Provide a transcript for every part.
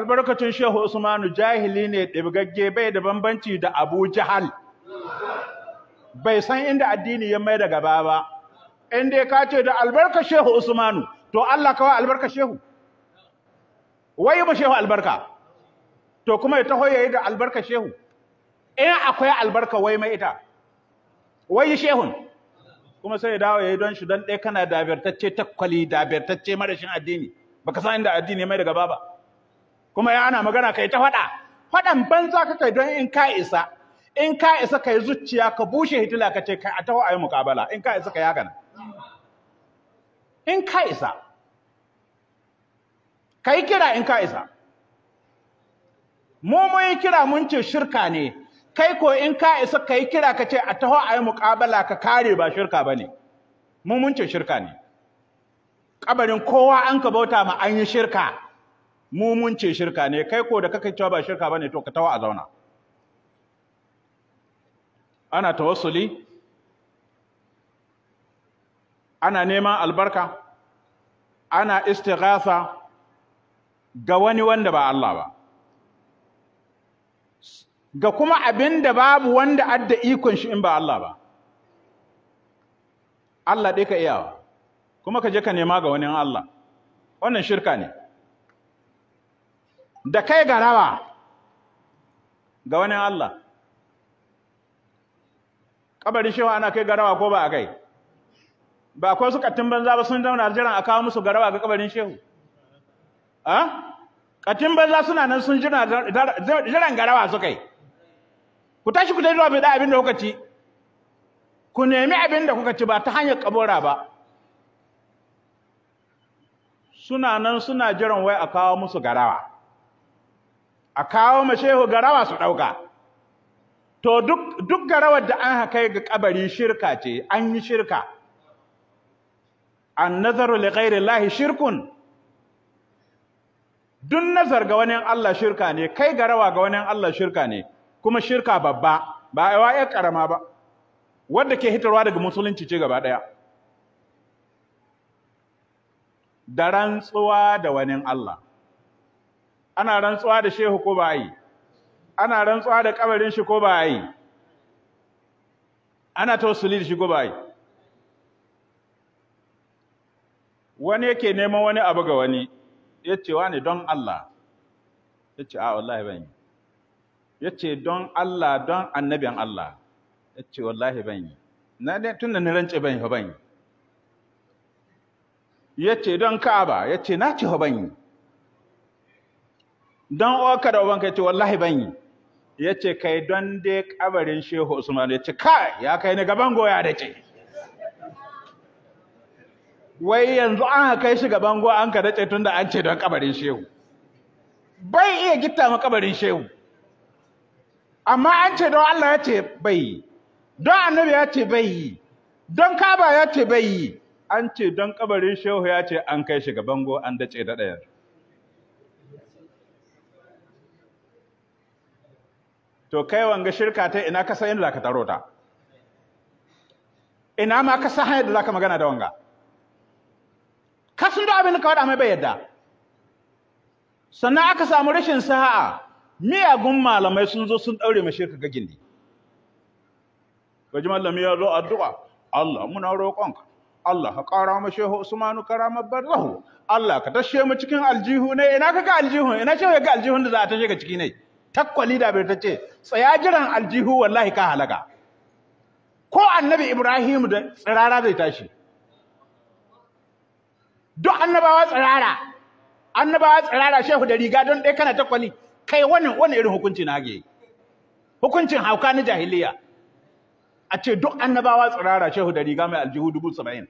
albarkacin shehu usmanu jahili ne ɗibgagge bai da bambanci da abu jahal bai san inda addini ya mai da gaba ba in dai ka ce da albarka shehu usmanu to Allah kawai albarka shehu wai ba shehu albarka to kuma ya taho yayi da albarka shehu in akwai albarka wai mai ita wai shehun kuma sai ya dawo yayi don shi don ɗaya kana dabirtacce takwali dabirtacce marashin addini baka san inda addini ya mai da gaba ba kuma ya ana magana kai ta faɗa faɗan banza ka kai don in ka isa in ka isa kai zuciya ka bushe hitila ka ce kai a taho a yi muƙabala in ka isa ka yaga in ka isa ka yi kira in ka isa mu mun yi kira mun ce shirka ne kai ko in ka isa ka yi kira ka ce a taho a yi muƙabala ka kare ba shirka ba ne mu mun ce shirka ne kabarin kowa an ka bauta ma an yi shirka mu mun ce shirka ne kai ko da kake cewa ba shirka bane to ka tawa a zauna ana tawassuli ana neman albarka ana istighatha ga wani wanda ba Allah ba ga kuma abin da babu wanda adda ikon shi in ba Allah ba Allah ɗai ka iyawa kuma ka je ka nema ga wani Allah wannan shirka ne da kai ga rawa ga wani Allah ƙabarin shewa ana kai garawa ko ba a kai ba akwai su ƙattun banza ba sun zauna jiran a kawo musu garawa ga ƙabarin shehu a katin banza suna nan sun jira ga garawa su kai ku tashi ku tafi zuwa da abin da kuka ci ku nemi abin da kuka ci ba ta hanyar ƙabora ba suna nan suna jiran wai a kawo musu garawa a kawo ma shehu garawa su ɗauka to duk duk garawar da an haka ga kabari shirka ce an yi shirka an nazaru li ghairi shirkun duk nazar ga wani Allah shirka ne kai garawa ga wani Allah shirka ne kuma shirka babba ba a wa'ya karama ba wadda ke hitarwa daga musulunci ce gaba ɗaya da rantsuwa da wani Allah ana rantsuwa da shehu ko ba yi ana rantsuwa da kabarin shi ko ba yi ana tausuli da shi ko ba yi wani yake neman wani abu ga wani ya ce wani don Allah ya ce a wallahi ban yi ya ce don Allah don annabin Allah ya ce wallahi ban yi na ne tun da ni rance ban yi ban yi ya ce don Ka'aba ya ce na ce ban yi don oka da ubanka ce wallahi ban yi ce kai don dai kabarin Shehu Usman ya ce kai ya kai ni gaban goya da ce wai yanzu an kai shi gaban goya an ka dace tunda an ce don kabarin Shehu bai iya gitta ma kabarin Shehu amma an ce don Allah ya ce bai yi don annabi ya ce bai yi don kaba ya ce bai yi an ce don kabarin Shehu ya ce an kai shi gaban goya an dace da ɗayar to kai wanga shirka ta ina ka san za zaka taro ta ina ma ka san za zaka magana da wanga ka sun da abin da ka faɗa mai bai yadda sannan aka samu rashin sa'a miyagun malamai sun zo sun daure mai shirka ne Wajen malami ya zo addu'a Allah muna roƙonka Allah ka ƙara mu shehu Usmanu karamar barzahu Allah ka tashe mu cikin aljihu ne ina ka ga aljihu ina ce ga aljihun da za a tashe ka ciki ne takwali da bai ta ce tsaya jiran aljihu wallahi ka halaka ko annabi ibrahim da tsirara zai tashi duk annabawa tsirara annabawa tsirara shehu da riga don ɗaya kana takwali kai wannan wani irin hukunci na hage hukuncin hauka na jahiliya a ce duk annabawa tsirara shehu da riga mai aljihu dubu saba'in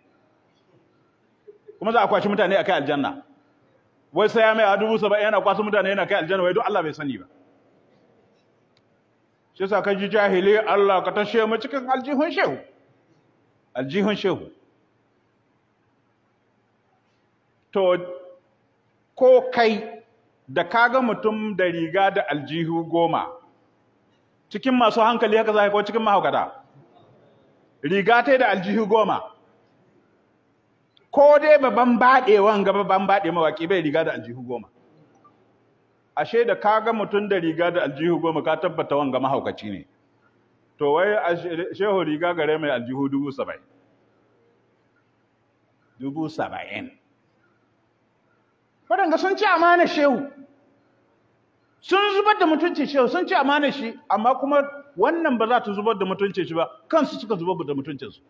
kuma za a kwashi mutane a kai aljanna wai sai ya mai a dubu saba'in yana kwasu mutane yana kai aljanna wai duk Allah bai sani ba shi sa ka ji jahili Allah ka tashe mu cikin aljihun shehu aljihun shehu to ko kai da kaga mutum da riga da aljihu goma cikin masu hankali haka za ko cikin mahaukata riga ta da aljihu goma ko dai babban baɗewan gaba babban baɗe mawaƙi bai riga da aljihu goma ashe da ka ga mutum da riga da aljihu goma ka tabbata wanga mahaukaci ne to wai shehu riga gare mai aljihu dubu saba'in dubu saba'in waɗanda sun ci amana shehu sun zubar da mutuncin shehu sun ci amana shi amma kuma wannan ba za ta zubar da mutuncin shi ba kansu suka zubar da mutuncinsu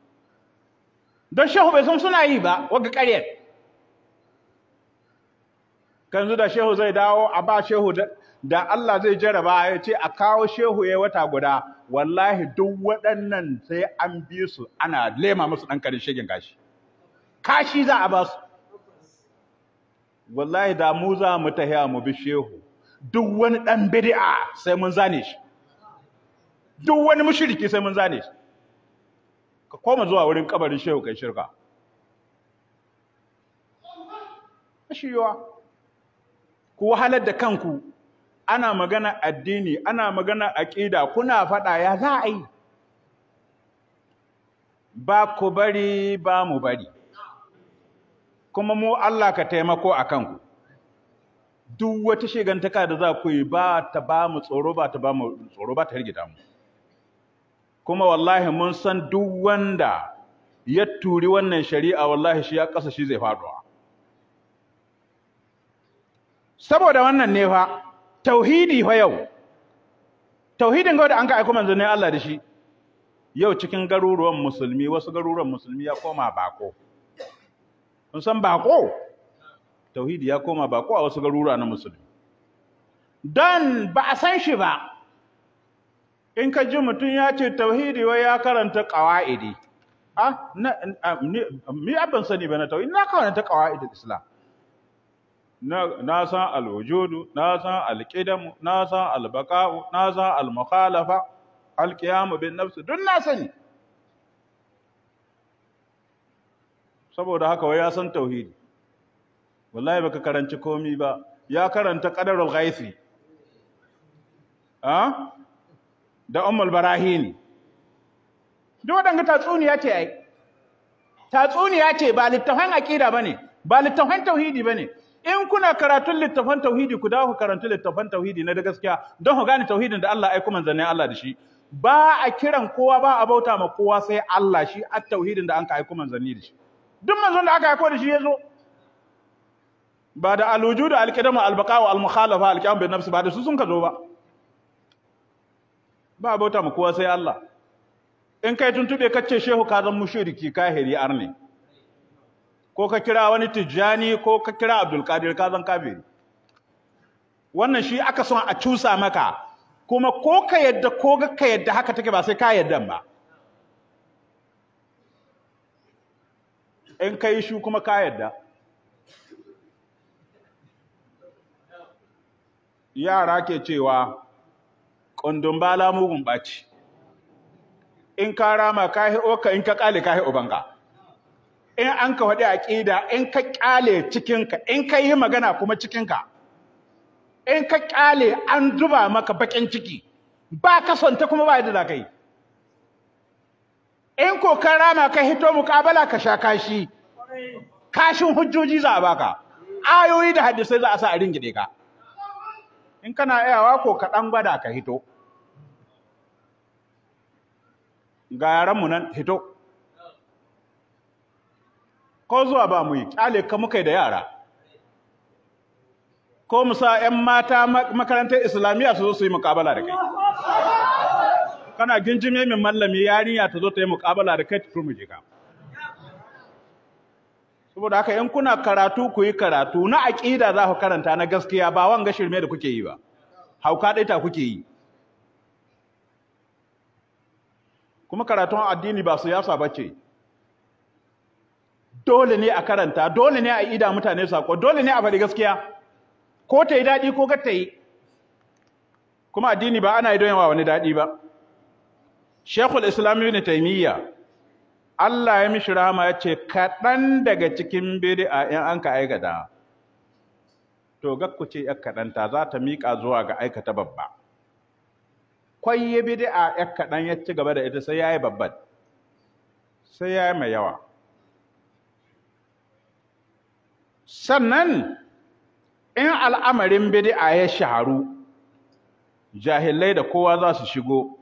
don shehu bai san suna yi ba waga ƙaryar kanzu da shehu zai dawo a ba shehu da Allah zai jaraba ya ce a kawo shehu ya wata guda wallahi duk waɗannan sai an bi su ana lema musu ɗan karin shigin kashi kashi za a ba su wallahi da mu za mu tahiya mu bi shehu duk wani ɗan bidi'a sai mun zane shi duk wani mushriki sai mun zane shi ka koma zuwa wurin kabarin shehu kai shirka shi yiwa ku wahalar da kanku ana magana addini ana magana aqida kuna faɗa ya za a yi ba ku bari ba mu bari kuma mu Allah ka taimako a kanku duk wata shigantaka da za ku yi ba ta ba mu tsoro ba ta ba mu tsoro ba ta rigida mu kuma wallahi mun san duk wanda ya turi wannan shari'a wallahi shi ya kasa shi zai faduwa saboda wannan ne fa tauhidi fa yau tauhidin ga da an ka aiko manzo ne Allah da shi yau cikin garuruwan musulmi wasu garuruwan musulmi ya koma bako kun san bako tauhidi ya koma bako a wasu garuruwa na musulmi dan ba a san shi ba in ka ji mutum ya ce tauhidi wai ya karanta qawaidi ah na mi abin sani ba na tauhidi na karanta qawaidul islam na san alwujudu na san Alƙidamu, na san Albaƙa'u, na san almukhalafa Alƙiyamu bin nafs duk na sani saboda haka wai ya san tauhidi wallahi baka karanci komi ba ya karanta qadarul ghaifi a ah? da ummul barahin duk wadanga tatsuniya ce ai tatsuniya ce ba littafin aqida bane ba littafin tauhidi bane in kuna karatun littafan tauhidi ku dawo ku karantu littafan tauhidi na da gaskiya don ku gane tauhidin da Allah aiko manzannin Allah da shi ba a kiran kowa ba a bauta ma kowa sai Allah shi at tauhidin da an ka aiko manzanni da shi duk manzon da aka aiko da shi ya zo ba da alwujudu alqidamu albaqa wa almukhalafa alqiyam bin nafsi ba da su sun ka zo ba ba a bauta ma kowa sai Allah in kai tuntube kace shehu ka zan mushriki kahiri arne ko ka kira wani tijjani ko ka kira abdulkadir ka zan kafiri wannan shi aka son a cusa maka kuma ko ka yadda ko ga ka yadda haka take ba sai ka yadda ba in kai shi kuma ka yadda yara ke cewa ƙundun bala mugun ɓaci in ka rama ka hi oka in ka ƙale ka hi ubanka in an ka faɗi aƙida in ka ƙyale cikinka in ka yi magana kuma cikinka in ka ƙyale an duba maka baƙin ciki ba ka sonta kuma ba yadda za ka in ko ka rama ka hito muƙabala ka sha kashi kashin hujjoji za a baka ayoyi da hadisai za a sa a ringide ka in kana iyawa ko ka ɗan gwada ka hito ga yaranmu nan hito ko zuwa ba mu yi kyale ka muka da yara ko musa 'yan mata makarantar islamiyya su zo su yi muƙabala da kai kana ginjime min mallami yarinya ta zo ta yi muƙabala da kai ta turmi jika saboda haka in kuna karatu ku yi karatu na aƙida za ku karanta na gaskiya ba wanga shirme da kuke yi ba hauka ɗai ta kuke yi kuma karatun addini ba siyasa ba ce dole ne a karanta dole ne a ida mutane saƙo, dole ne a faɗi gaskiya ko ta yi daɗi ko ta yi kuma addini ba ana yi don yawa wani daɗi ba shekul islam ibn taimiyya Allah ya mishi rama ya ce kaɗan daga cikin a ‘yan an ka aikata to ga ku ce ya kaɗanta za ta miƙa zuwa ga aikata babba kwai ya a ya kaɗan ya ci gaba da ita sai ya yi babban sai ya yi mai yawa sannan in al'amarin bid'a ya shaharu jahilai da kowa za su shigo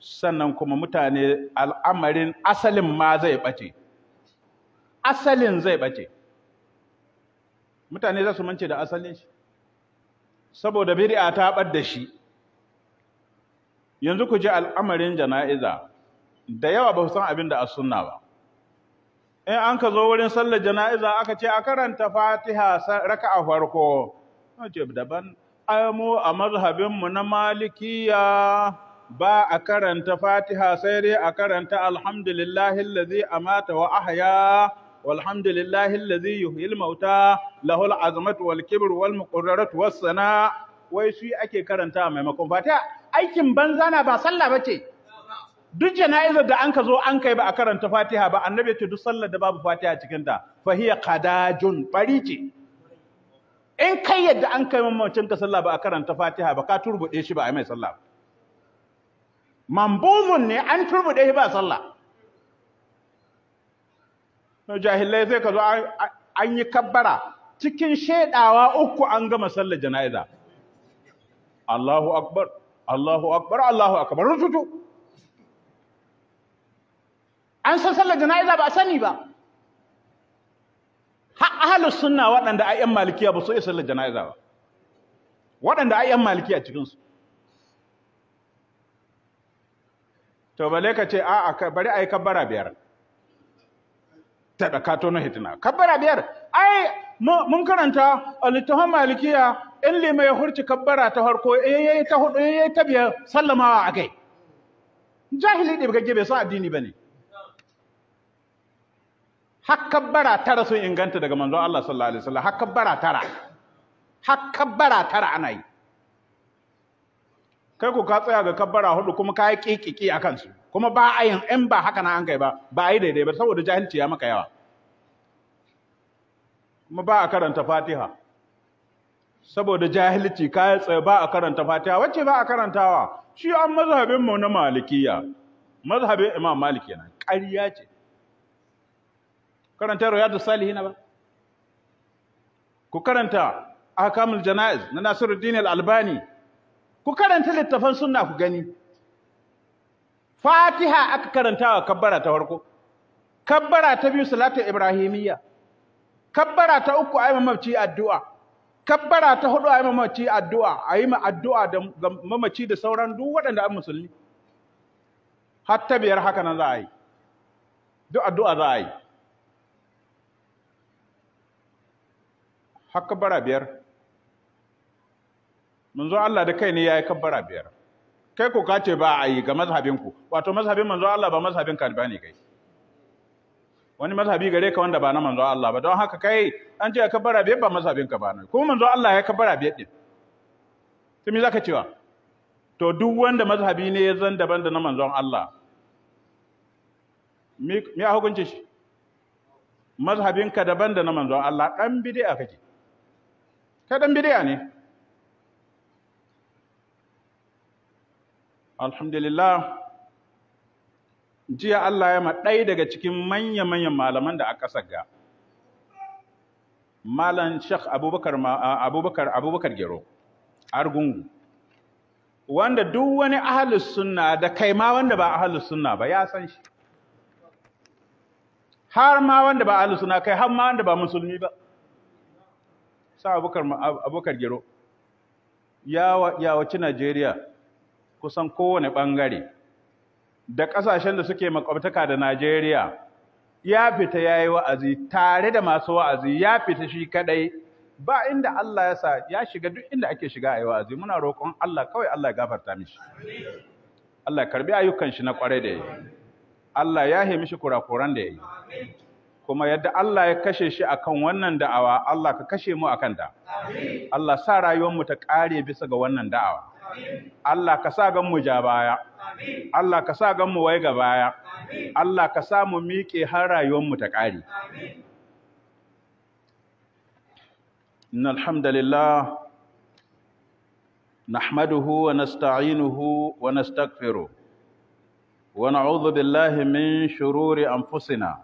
sannan kuma mutane al'amarin asalin ma zai ɓace asalin zai ɓace mutane za su mance da asalin shi saboda bid'a ta ɓar da shi yanzu ku ji al'amarin jana'iza da yawa ba su san abin da a sunna ba in an ka zo wurin sallar jana'iza aka ce a karanta fatiha raka a farko daban mu a mazhabinmu na malikiya ba a karanta fatiha sai dai a karanta alhamdulillahi a mata wa ahya walhamdulillahi allazi yuhyil mauta lahul azmatu wal kibr wal muqarraratu was sana wai shi ake karanta maimakon fatiha aikin banza na ba sallah bace duk jana'izar da anka zo an kai ba a karanta Fatiha ba annabi ce duk sallar da babu Fatiha cikin ta fa hiya qadajun bari ce in kai yadda an kai mamacin ka sallah ba a karanta Fatiha ba ka turbude shi ba a mai sallah mambuzun ne an turbude shi ba sallah na jahilai sai ka zo an yi kabbara cikin shaidawa uku an gama sallar jana'iza Allahu akbar Allahu akbar Allahu akbar rututu an san sallar jana'iza ba a sani ba ha ahalus sunna waɗanda ayyan malikiya ba su iya sallar jana'iza ba waɗanda ayyan malikiya cikinsu to bale ka ce a'a bari a yi kabbara biyar ta ɗakato na hitina kabbara biyar ai mun karanta a littafin malikiya in lima ya hurci kabbara ta harko? yayi ta hudu yayi ta biyar sallamawa akai jahili ɗibgagge bai san addini ba ne bara tara sun inganta daga manzon Allah sallallahu alaihi wasallam bara tara bara tara ana yi kai ku ka tsaya ga kabbara hudu kuma ka yi kikiki a kansu kuma ba a yin in ba haka na an kai ba ba a yi daidai ba saboda jahilci ya maka yawa kuma ba a karanta fatiha saboda jahilci ka yi tsaye ba a karanta fatiha wacce ba a karantawa shi an mazhabin mu na malikiya mazhabin imam malik yana ƙarya ce karanta riyadu salihina ba ku karanta ahkamul janaiz na Nasiruddin al-Albani ku karanta littafan sunna ku gani Fatiha aka karantawa kabbara ta farko kabbara ta biyu salatu ibrahimiyya kabbara ta uku ayi mamaci addu'a kabbara ta hudu ayi mamaci addu'a ayi ma addu'a da mamaci da sauran duk waɗanda an musulmi hatta biyar haka nan za a yi duk addu'a za a yi har bara biyar manzo Allah da kai ne yayi bara biyar kai ko kace ba a yi ga mazhabin ku wato mazhabin manzo Allah ba mazhabin ka ne kai wani mazhabi gare ka wanda ba na manzo Allah ba don haka kai an ce bara biyar ba mazhabin ka ba ne kuma manzo Allah ya bara biyar din to me zaka cewa to duk wanda mazhabi ne ya zan daban da na manzon Allah me me hukunci shi mazhabin ka daban da na manzon Allah dan bid'a kake kai dan bidiya ne alhamdulillah jiya Allah ya ɗaya daga cikin manya-manyan malaman da aka saga malam Sheikh Abubakar Abubakar Abubakar Gero Argungu wanda duk wani ahalus sunna da kai ma wanda ba ahalus sunna ba ya san shi har ma wanda ba ahalus sunna kai har ma wanda ba musulmi ba sa abokar gero yawaci najeriya kusan kowane ɓangare da ƙasashen da suke makwabtaka da najeriya ya fita ya yi wa'azi tare da masu wa'azi ya fita shi kaɗai ba inda Allah ya sa ya shiga duk inda ake shiga a yi wa'azi muna roƙon Allah kawai Allah ya gafarta mishi Allah karbi ayyukan shi na ƙwarai da ya yi Allah ya mishi kurakuran da ya yi kuma yadda Allah ya kashe shi akan wannan da'awa Allah ka kashe mu akan ta Allah sa rayuwarmu ta ƙare bisa ga wannan da'awa Allah ka sa gan mu ja baya Allah ka sa gan mu wai ga baya Allah ka sa mu miƙe har rayuwarmu ta ƙare إن الحمد لله نحمده ونستعينه ونستغفره ونعوذ بالله من شرور أنفسنا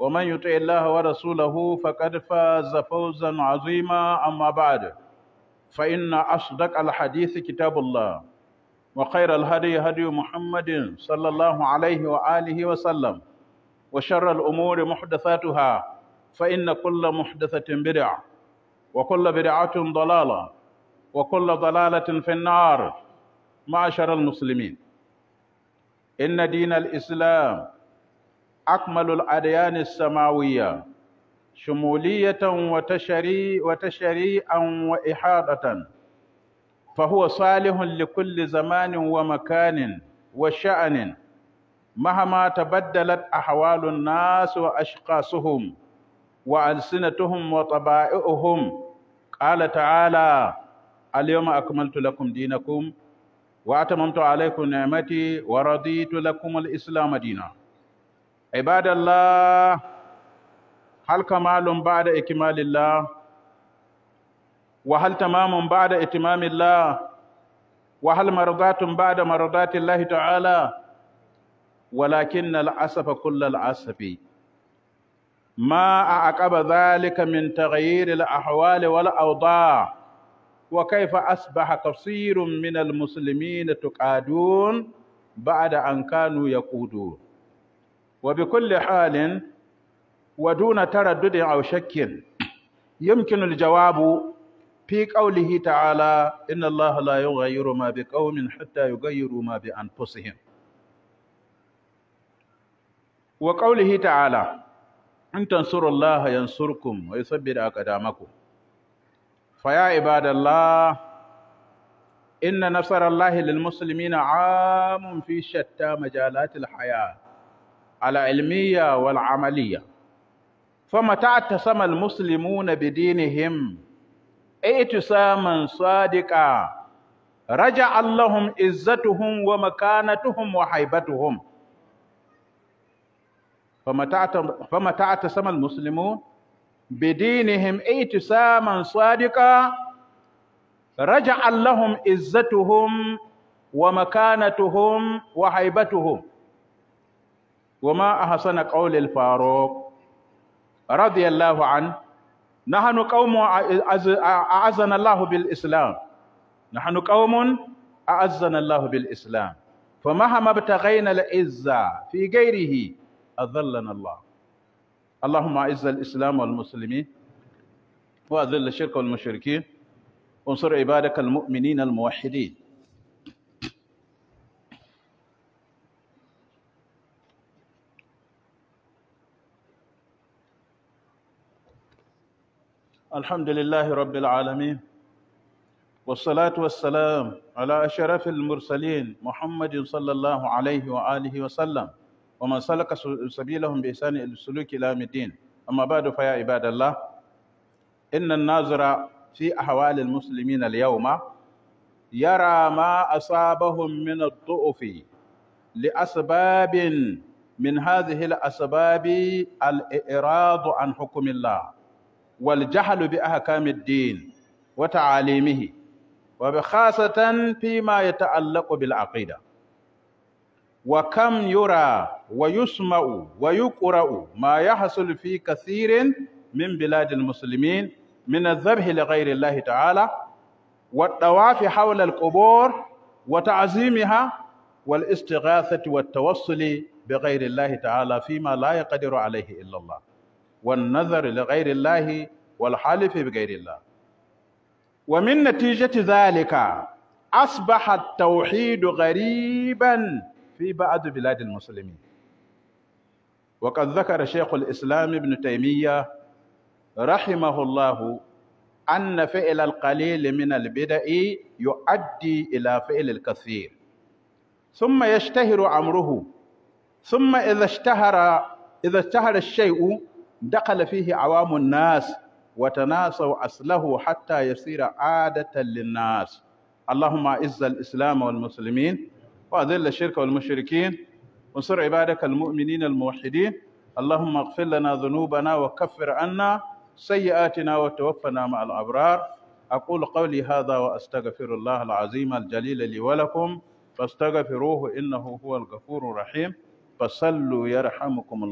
ومن يطع الله ورسوله فقد فاز فوزا عظيما أما بعد فإن أصدق الحديث كتاب الله وخير الهدي هدي محمد صلى الله عليه وآله وسلم وشر الأمور محدثاتها فإن كل محدثة بدعة وكل بدعة ضلالة وكل ضلالة في النار معشر المسلمين إن دين الإسلام أكمل الأديان السماوية شمولية وتشريع وتشريعا وإحاطة فهو صالح لكل زمان ومكان وشأن مهما تبدلت أحوال الناس وأشخاصهم وألسنتهم وطبائعهم قال تعالى اليوم أكملت لكم دينكم وأتممت عليكم نعمتي ورضيت لكم الإسلام ديناً Ibadallah, hal kamalun ba da ikimalillah, wahal tamamun ba da itimamillah, wahal marugatun ba da marugatun lahi ta'ala, walakin na la'asafa kulla la'asafi. Ma a aqaba zalika min taghayyiri al-ahwali wal awda wa kayfa asbaha kaseerun min al-muslimin tuqadun ba'da ankanu ya yaqudun وبكل حال ودون تردد أو شك يمكن الجواب في قوله تعالى إن الله لا يغير ما بقوم حتى يغيروا ما بأنفسهم وقوله تعالى إن تنصروا الله ينصركم ويثبت أقدامكم فيا عباد الله إن نصر الله للمسلمين عام في شتى مجالات الحياة العلمية والعملية فمتى اتسم المسلمون بدينهم اتساما صادقا رجع اللهم عزتهم ومكانتهم وحيبتهم فمتى اتسم المسلمون بدينهم اتساما صادقا رجع اللهم عزتهم ومكانتهم وحيبتهم وما أحسن قول الفاروق رضي الله عنه نحن قوم أعزنا الله بالإسلام نحن قوم أعزنا الله بالإسلام فمهما ابتغينا العزة في غيره أذلنا الله اللهم أعز الإسلام والمسلمين وأذل الشرك والمشركين وانصر عبادك المؤمنين الموحدين الحمد لله رب العالمين والصلاة والسلام على أشرف المرسلين محمد صلى الله عليه وآله وسلم ومن سلك سبيلهم بإحسان إلى السلوك إلى الدين أما بعد فيا عباد الله إن الناظر في أحوال المسلمين اليوم يرى ما أصابهم من الضعف لأسباب من هذه الأسباب الإعراض عن حكم الله والجهل بأحكام الدين وتعاليمه وبخاصة فيما يتعلق بالعقيدة وكم يرى ويسمع ويقرأ ما يحصل في كثير من بلاد المسلمين من الذبح لغير الله تعالى والطواف حول القبور وتعظيمها والاستغاثة والتوصل بغير الله تعالى فيما لا يقدر عليه إلا الله والنظر لغير الله والحلف بغير الله ومن نتيجة ذلك أصبح التوحيد غريبا في بعض بلاد المسلمين وقد ذكر شيخ الإسلام ابن تيمية رحمه الله أن فعل القليل من البدع يؤدي إلى فعل الكثير ثم يشتهر أمره ثم إذا اشتهر إذا اشتهر الشيء دخل فيه عوام الناس وتناسوا أصله حتى يصير عادة للناس اللهم أعز الإسلام والمسلمين وأذل الشرك والمشركين وانصر عبادك المؤمنين الموحدين اللهم اغفر لنا ذنوبنا وكفر عنا سيئاتنا وتوفنا مع الأبرار أقول قولي هذا وأستغفر الله العظيم الجليل لي ولكم فاستغفروه إنه هو الغفور الرحيم فصلوا يرحمكم الله